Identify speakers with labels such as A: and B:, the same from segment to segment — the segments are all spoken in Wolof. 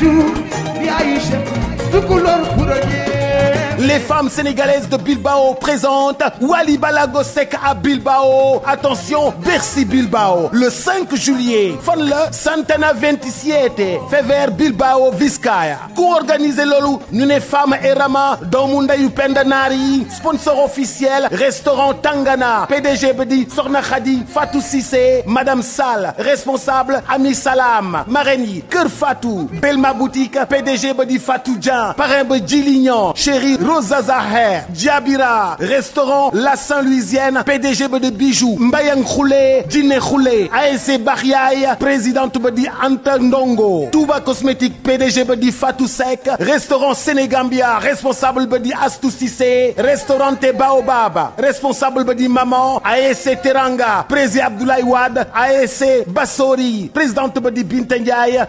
A: jour
B: bi ay chef
A: du couleur pour Les femmes sénégalaises de Bilbao présentent Wally Balago Seck à Bilbao. Attention, Bercy Bilbao. Le 5 juillet, fan la Santana 27 Fever Bilbao Vizcaya. Co-organisé loolu ñu ne Fama et Rama doomu ndeyu Penda Naar sponsor officiel restaurant Tangana PDG bi di Soxna Khady Fatou Cissé Madame Sall responsable Ami Salam marraine yi Kër Belma boutique PDG ba di Fatou Dia parrain ba Djilignan Rosa Zaher restaurant La Saint-Louisienne PDG ba di Bijou Mbayang Khoulé Dine Khoulé ASC Bakhyaay présidente ba di Anta Ndongo Touba Cosmétique PDG ba di Fatou Seck restaurant Sénégambia responsable ba di Astou Cissé restaurant Te Baobab responsable ba di Maman ASC Teranga président Abdoulaye Wade ASC Bassori présidente ba di Binta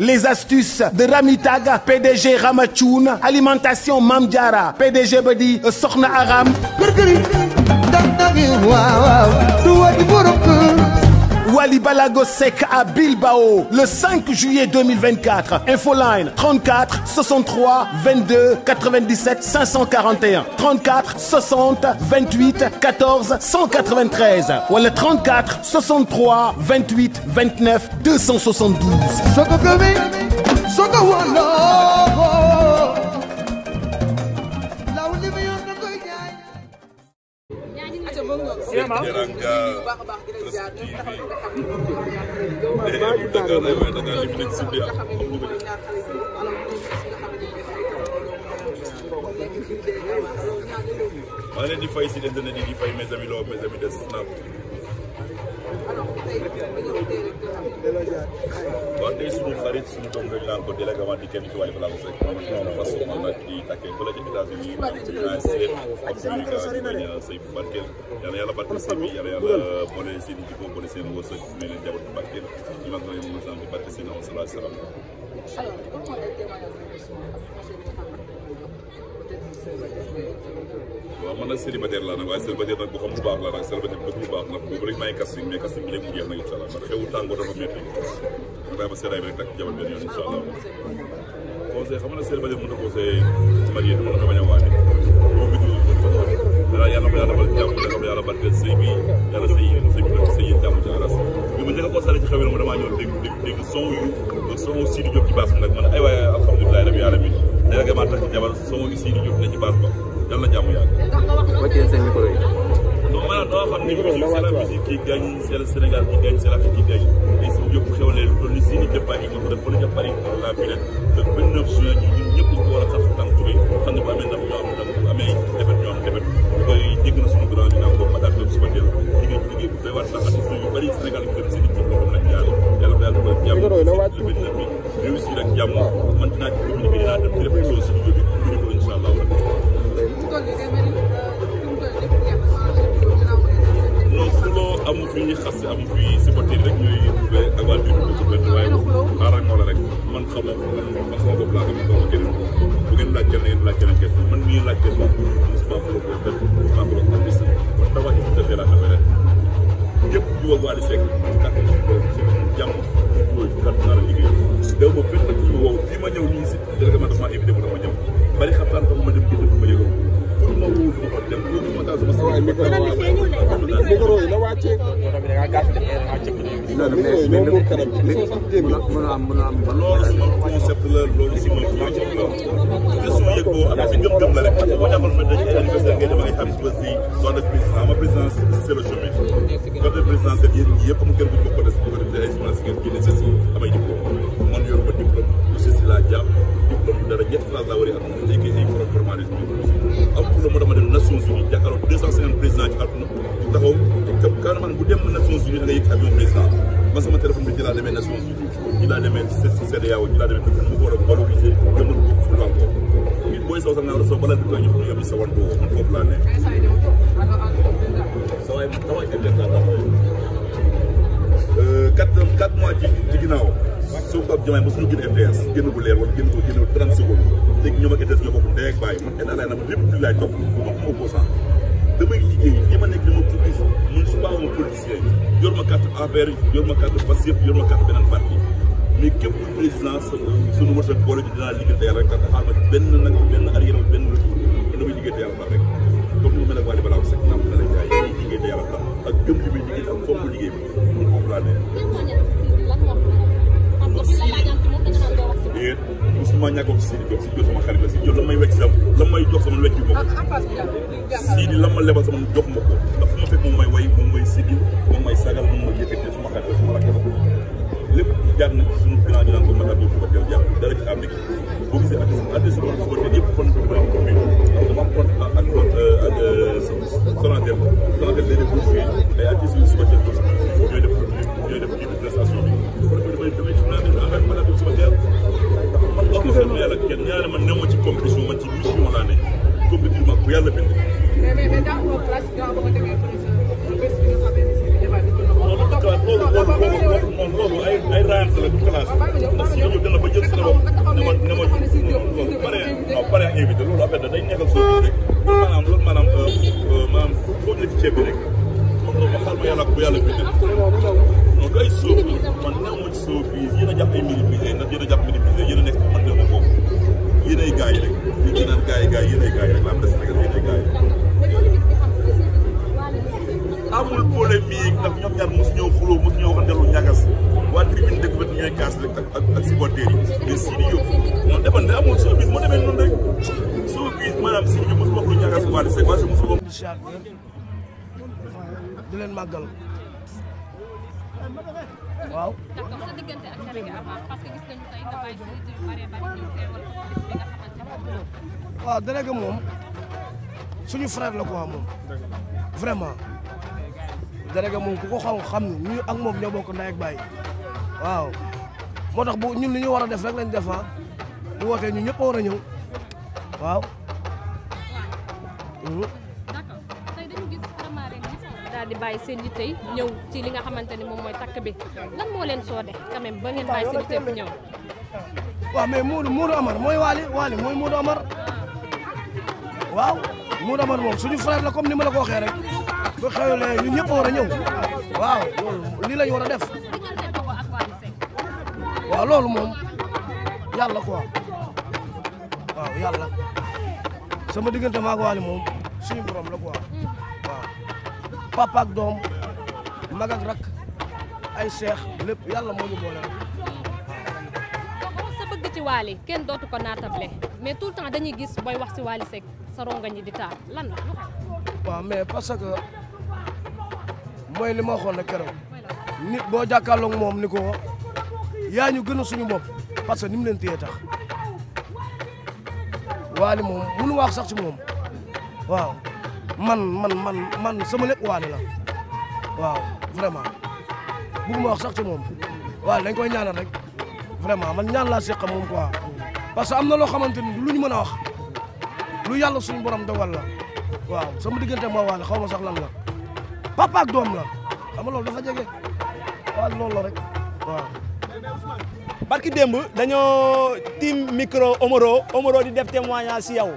A: les astuces de Ramitag PDG Ramathoun alimentation Mam DG ba di euh, soxna Aram kër-këri dag dagi waaw waaw du wadi borom kër Wally Balago Seck à Bilbao le 5 juillet 2024 infoline 34 63 22 97 541 34 60 28 14 193 wala 34 63 28 29 272.
B: teranga taski ne
C: daga na we daga bi am maa de snap waaw tey suñu xarit suñu doom rek laa ko délégué waat di kenn ci wàllu balaa Seck moom moom parce que man nag di tàkkee fële ci États-Unis naa seet ak Sénégal sëy bu barkeel yàlla yàlla barkeel sëy bi yàlla yàlla boole seen jikko boole seen wërsëg may leen jabar bu barkeel ñu mag na mu sant di barke seen awa salaam waaw man nag célibataire laa nag waaye célibataire nag boo xam lu baax laa nag célibataire bëgg lu baax nag boobu rek maa ngi casting mais casting bi léegi mu jeex nag incha allah ndax xewu tàngoo dafa métti ma bàyyi ma seddaay bi rek nag jabar benn yoon incha allah conseil xam nga célibataire mën na conseil marié mën na bañ a waane moom bi dana yàlla ko yàlla defal jàmm yàlla ko yàlla barkeel sëy bi yàlla sëy sëy bi sëy yi jàmm ci aras bi ma njëkk a constaté ci xew yi nag damaa ñëw dégg dégg dégg son yu son Sidi Diop ci baax nag man ay waaye alhamdulilah rabbi alamin délégué a takk jabar sama gis yi di jóg ne ci base ba yàlla na jàmm
B: yàgg. wàccee seen micro yi.
C: non maanaam dama xam ne musique c'est la musique qui gagne c'est le Sénégal qui gagne c'est l'Afrique qui gagne et si yëpp xewlee lu toll ni si ni jëppaay yi ko def ba la jàppale la fii ñëpp ñu ko a
D: kanam. mën a am mën a am ban concept la loolu si mën a ci kaw. question yëg boo ak si gëm-gëm
C: la rek parce que boo jàppoon ba dañuy anniversaire ngay dem ay xam si ba si zone de président ma présidence c'est le chemin. zone de présidence yéen ñi yëpp amul kenn bu ko des. Diomaye mosul génn RTS génn bu leer wala génn ko génn 30 secondes léegi ñoom ñoo bokk ndey ak bàyyi man état laay na ma lépp li laay topp bokk opposant damay liggéey su baaxuma politicien yor ma carte APR yor ma carte Pastef yor ma carte beneen parti mais képp ku président sunu wërsëg boole ji dinaa liggéey te yàlla rek tax ma benn nag benn benn retour damay liggéey te yàlla tax rek liggéey te yàlla tax ak gëm li muy liggéey ak fonk liggéey bi mun foofu laa ñëwee su ma ñàkkoon si Sidi Diop Sidi Diop sama xarit la Sidi Diop la may wecc la la may jox sama wecc ma ko Sidi la ma lebal sama jox ma ko ndax fu ma fekk moom may way moom may Sidi moom may sagal moom may yëkkati sama xarit la sama rakk la lépp jaar na ci suñu grand ñu naan ko Matar Diop ceeb bi rek moom la xal ma yàlla bu yàlla bi non du ay sóob man naa mooy sóob bi yéen a jàpp ay minimiser ndax yéen a jàpp minimiser yéen a nekk man na ma foofu yéen ay gars yi rek ñu ngi naan gars yi gars yi yéen ay gars yi rek la am des nag yéen ay gars yi amul polémique ndax ñoom ñaar mosu ñëw xuloo mosu ñëw waxante lu ñagas waa tribune dëkk ba ñooy kaas rek ak ak supporters yi mais Sidy Diop moom defoon na amul sóob bi moo demee noonu rek sóob bi maanaam
B: Sidy Diop mosu wax lu ñagas waa di seq waa si mosu di leen màggal. waaw. d'accord moom suñu frère la quoi moom. vraiment. délégué moom ku ko xam xam ni ñu ak moom ñoo bokk ndey ak baay waaw moo tax bu ñun li ñu war a def rek lañ def ah bu wootee ñu ñëpp war a ñëw waaw. Mhm. daal di bàyyi seen yitte yi ñëw ci li nga xamante ni moom mooy takk bi lan moo leen soodee quand même ba ngeen bàyyi seen yitte bi ñëw. waaw mais Moodu Moodu Amar mooy Waly Waly mooy Moodu Amar waaw Moodu Amar moom suñu frère la comme ni ma la ko waxee rek bu xewlee ñun ñëpp a war a ñëw waaw loolu la ñu war a def loolu moom yàlla ko waaw yàlla sama diggante maag Waly moom suñu borom la quoi. papa doom mag ak rak ay seex lépp yàlla moo ñu boole waaw sa ci Wally kenn dootu ko naatable mais tout le temps dañuy gis booy wax ci Wally Seck sa ronga ñi di taal lan mais parce que mooy li ma xool na keroog boo jàkkaarloog moom ni ko yaa ñu gën suñu bopp parce que ni mu leen téye tax Wally moom mënu wax sax ci moom waaw man man man man sama lépp waale la waaw vraiment bëgguma wax sax ci moom waaye dañ koy ñaanal rek vraiment man ñaan laa seqam moom quoi parce que am na loo xamante ni lu ñu mën a wax lu yàlla suñu borom dogal la waaw sama diggante moo waale xaw ma sax lan la papa ak doom la xam nga loolu jege waaw loolu rek waaw. barki démb dañoo tiim micro Omaro Omaro di def témoignage si yow.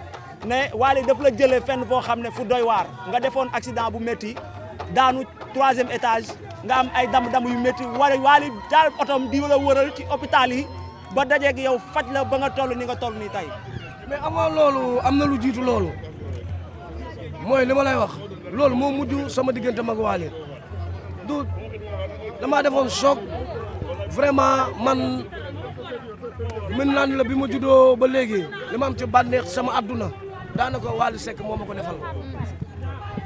B: ne Wally dafu la jëlee fenn foo xam ne fu doy waar nga defoon accident bu métti daanu troisième étage nga am ay dam damb yu métti wala Wally daal otom di la wëral ci hôpital yi ba dajeeg yow faj la ba nga toll ni nga toll nii tey. mais am nga loolu am na lu jiitu loolu mooy li ma lay wax loolu moo mujj sama diggante mag Wally du damaa defoon choc vraiment man mën naan la bi ma juddoo ba léegi li ma am ci bànneex sama àdduna daanaka Wally Seck moo ma ko defal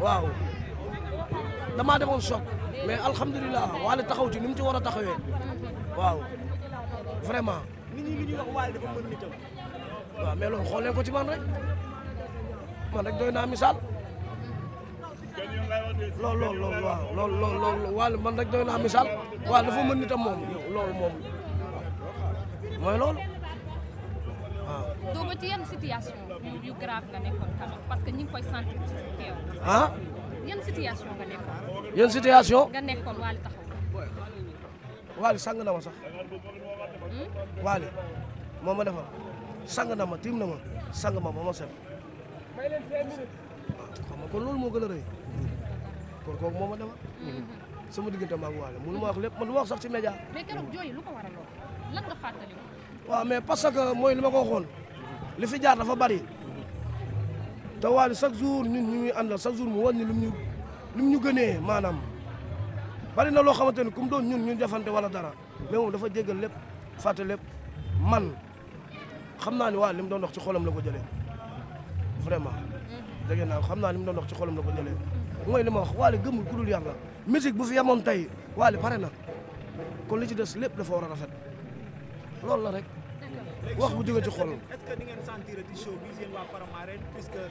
B: waaw damaa demoon choc mais alhamdulilah Wally taxaw ci ni mu ci war a taxawee waaw vraiment. nit ñi ngi wax xoolee ko ci man rek man rek doy naa misaal
C: loolu loolu
B: loolu waaw man rek doy naa misaal waaw dafa mën ni tam moom loolu moom mooy loolu parce que ñu ngi koy sentir ci teew. ah. yan situation nga nekkoon. yan situation. nga nekkoon Wally taxaw. na ma sax. Hmm? Wally moo ma defal sang ma tiim na ma sang ma ba ma set. Ah, xam kon loolu moo gën a rëy. kon kooku moo ma defal. Hmm. sama diggante maa ngi Wally mënu ma wax lépp man du ma wax sax ci média. mais keroog jooy lu ko waraloon lan nga fàttali. waaw mais parce que mooy li ma ko waxoon. li fi jaar dafa bari te Wally chaque jour ñun ñu ngi àndal chaque jour mu wan ni lu ñu lu ñu gënee maanaam bari na loo xamante ni comme doon ñun ñun defante wala dara mais moom dafa jéggal lépp fàtte lépp man xam naa ni waa li mu doon dox ci xolam la ko jëlee vraiment. dégg naa xam naa ni mu doon dox ci xolam la ko jëlee mooy ma wax Wally gëmul ku dul yàlla musique bu fi yemoon tey Wally pare na kon li ci des lépp dafa war a rafet loolu la rek. wax bu jóge ci xol. est-ce que di ngeen sentir ci show bi yéen waa Faramaren puisque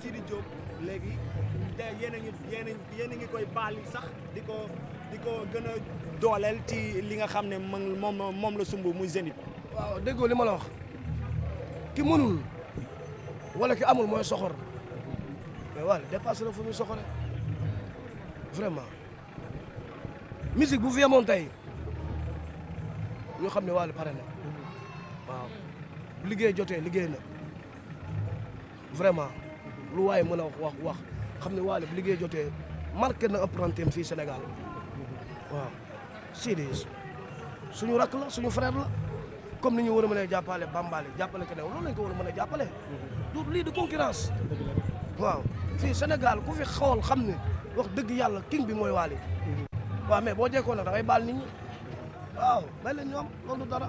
B: Sidi Diop léegi yéen a ngi yéen a ngi koy baal sax di ko di ko gën a dooleel ci li nga xam ne moom moom la sumb muy Zénith. waaw déggoo li ma la wax ki mënul wala ki amul mooy soxor mais wala dépassé na fu muy soxore vraiment musique bu fi tey ñu xam ne wala pare na. waaw bu liggéey jotee liggéey na vraiment lu waaye mën a wax wax xam ne Wally bu liggéey jotee marqué na empreinteem fii Sénégal waaw Sidi suñu rakk la suñu frère la comme ni ñu war a mën a jàppale Bambali jàppale keneen loolu lañ ko war mën a jàppale du lii di concurrence waaw fii Sénégal ku fi xool xam ne wax dëgg yàlla king bi mooy Wally waaw mais boo jekkoon nag da ngay baal nit ñi waaw may leen ñoom loolu dara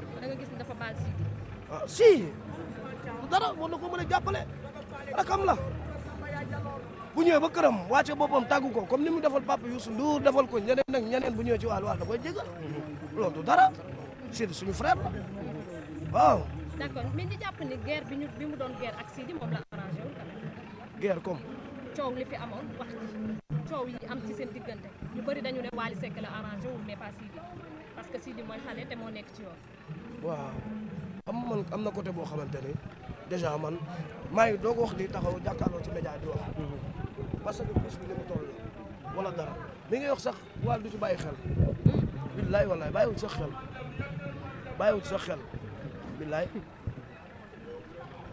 B: si dara war na ko mën a jàppale rakam la bu ñëwee ba këram wàcce boppam tàggu ko comme ni mu defal papa Youssou Ndour defal ko ñeneen nag ñeneen bu ñëwee ci wàllu wàll da koy jégal loolu du dara Sidi suñu frère la waaw. d'accord mais ñu jàpp ni guerre bi ñu bi mu doon guerre ak Sidi moom la arrangé wul tamit. guerre comme. coow li fi amoon wax coow yi am ci seen diggante ñu bari dañu ne Wally Seck la arrangé wul mais pas Sidi parce que Sidi mooy xale te moo nekk ci yoon. am man am na côté boo xamante ni déjà man maa ngi doog wax di taxaw jàkkaarloo ci média di wax mhm. parce que bés bi li mu toll wala dara mi ngi wax sax waa du ci bàyyi xel billaay wallaay bàyyiwul sax xel bàyyiwul sax xel billaay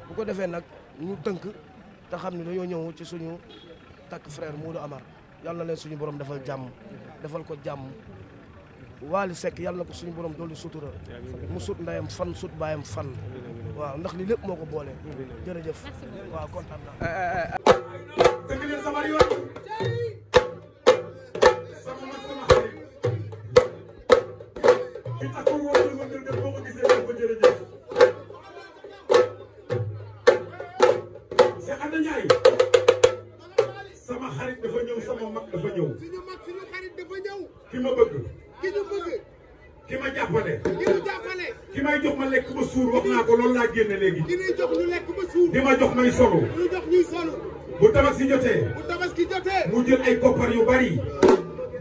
B: bu ko defee nag ñu tënk te xam ne dañoo ñëw ci suñu takk frère Modou Amar yàlla na leen suñu borom defal jàmm defal ko jàmm Waly Seck yàlla na ko suñu borom doolu sutura mu sut ndayam fan sut baayam fan waaw ndax li lépp moo ko boole jërëjëf waaw kontaan
D: sama xarit dafa ñëw sama mag dafa ñëw. suñu mag suñu xarit dafa ñëw. ki ñu bëgg. ki ma jàppale. ki ñu jàppale. may jox ma lekk ba suur wax naa ko loolu laa génne léegi. ki ñuy ñu lekk ba suur. di ma jox may solo. di ñu jox solo. bu tabaski jotee. bu
A: tabaski jotee. mu jël ay
D: koppar yu bari.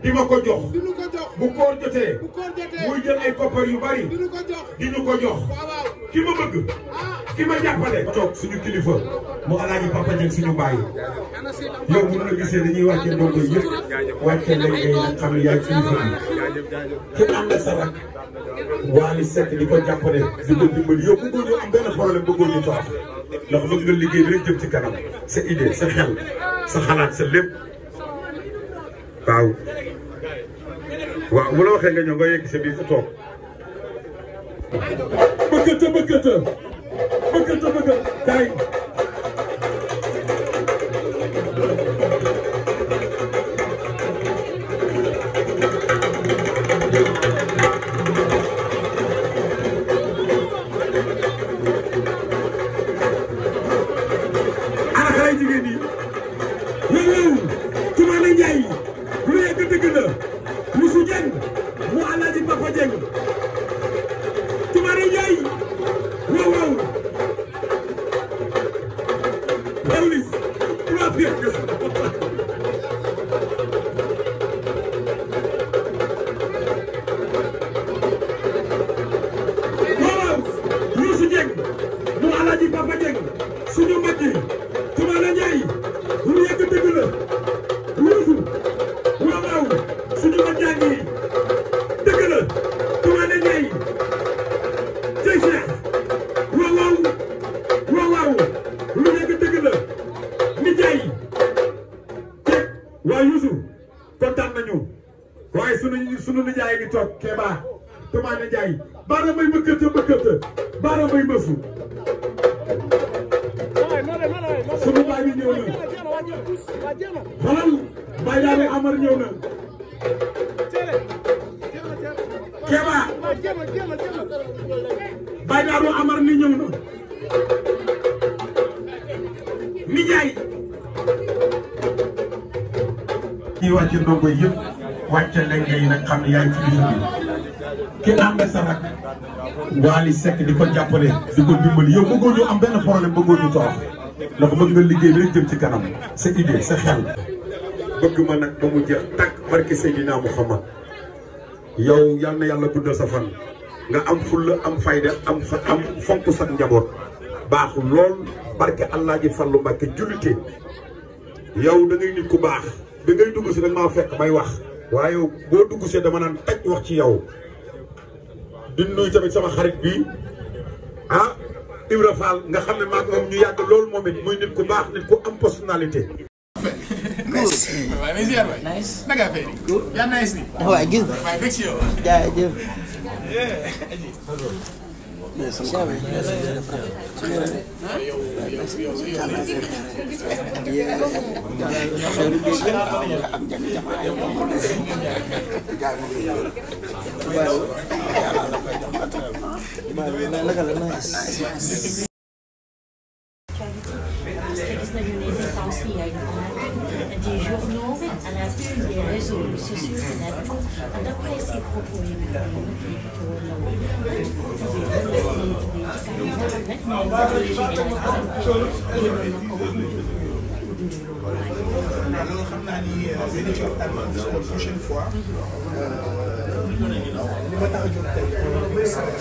D: di ma ko jox. di
A: ñu ko jox. bu koor jotee. bu koor jotee. muy jël ay koppar yu bari. di ñu ko jox. di ñu ko jox.
D: ki ma bëgg. Ah. ki ma jàppale toog suñu kilifa mu alaaji papa Dieng suñu bàyyi
B: yow bu la gisee dañuy wàccee ndongo yëpp wàccee
D: lañ ngay nag xam ne yaay kilifa bi ki am na sa rak waali sekk di ko jàppale di ko dimbali yow bëggoo ñu am benn problème bëggoo ñu toog ndax liggéey bi ci kanam sa idée sa xel sa xalaat sa lépp waaw waaw bu la waxee nga ñëw nga yegg sa biir bëgg nga bëgg kay Tumare Ndiaye toog Kéba Toumane Ndiaye baara may mbëkkante mbëkkante baara may mësu sunu baay bi ñëw na xolal baay daal di Amar ñëw na
B: Kéba baay daal di
D: Amar ni ñëw na ni Ndiaye. kii wàcc ndongo yëpp. wàcce lenge yi nag xam ne yaay kilifa bi ki ànd sa rak Wally Seck di ko jàppale di ko dimbali yow bëggoo ñu am benn problème bëggoo ñu torox ndax bëgg nga liggéey bi jëm ci kanam sa idée sa xel bëgg ma nag ba mu jeex tàkk barke Seydina Muhammad yow yal na yàlla guddal sa fan nga am fulla am fayde am fa fonk sa njaboot baax lool barke allah ji fallu mbàkke jullite yow da nit ku baax da ngay dugg si nag fekk may wax waaye boo dugg see dama naan taj wax ci yow di nuyu tamit sama xarit bi ah Ibra Fall nga xam ne maag moom ñu yàgg loolu moom it muy nit ku baax nit ku am personnalité.
A: merci. waaw mais ziar
B: mais suñu ko amee mais suñu def rafet su xëy na de am njëriñ jamono yi moom moo nekk gars yi moom la ñu yor. waaw yàlla la koy jox matériel bi. waaw
A: naka la nice.
B: l'actualité. Parce que gis nañu ne des temps aussi ay des journaux à la une des réseaux sociaux à la une
C: d'après ces propos yi nga xam ne kii bi tuur na woon. xam naa ni benn ci waxtaan la prochaine fois. li ma tax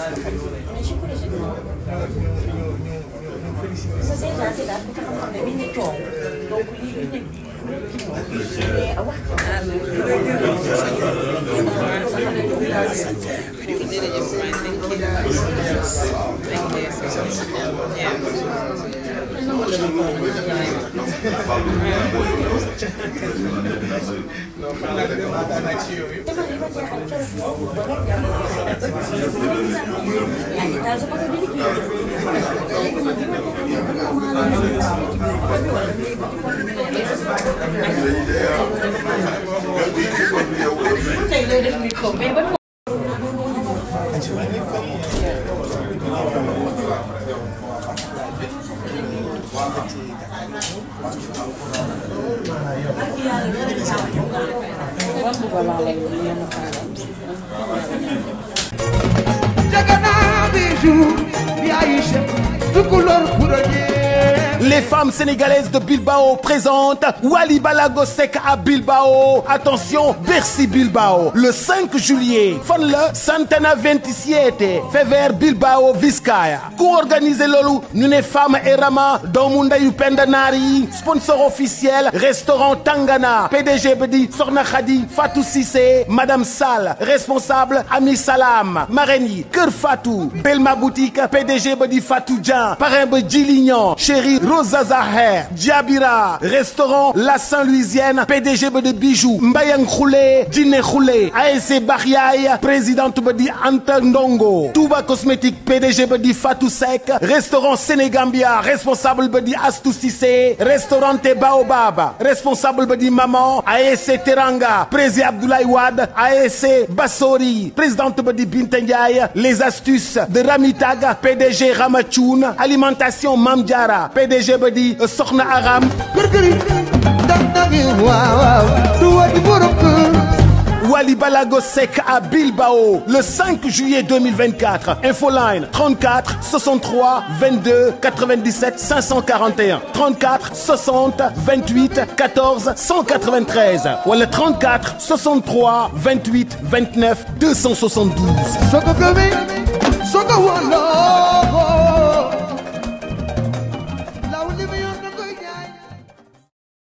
C: a jóg tey. félicité. sa déjà si daal
D: ku ci xam-xam ne bi ñu toog donc lii ñu nekk mais wax.
B: Jërëjëf maa ngi
A: Jagana bijou bi Aïcha du couleur pour les femmes sénégalaises de Bilbao présentent Wally Balago Seck à Bilbao attention Bercy Bilbao le juillet fan la Santana 27 Fever Bilbao Vizcaya co-organisé loolu ñu ne Fama et Rama doomu ndeyu Penda Naar sponsor officiel restaurant Tangana PDG bi di Soxna Khady Fatou Cissé Madame Sall responsable Ami Salam marraine yi Kër Belma boutique PDG ba di Fatou Dian parrain ba chéri Rosa Zaher Diabira restaurant La Saint-Louisienne PDG ba di Bijou Mbayang Khoulé Dine Khoulé ASC Bakhyaay présidente ba di Anta Ndongo Touba Cosmétique PDG ba di Fatou Seck restaurant Sénégambia responsable ba di Astou Cissé restaurant Baobab responsable ba di Maman ASC Teranga président Abdoulaye Wade ASC Bassori présidente ba di Binta les astuces de Ramitag PDG Ramathoun alimentation Mam DG ba di euh, soxna Aram. kër kër yi dagdagi waaw waaw du wati borom vingt Wally Balago Seck à Bilbao le 5 juillet 2024 infoline 34 63 22 97 541 34 60 28 14 193 wala 34 63 28 29 272.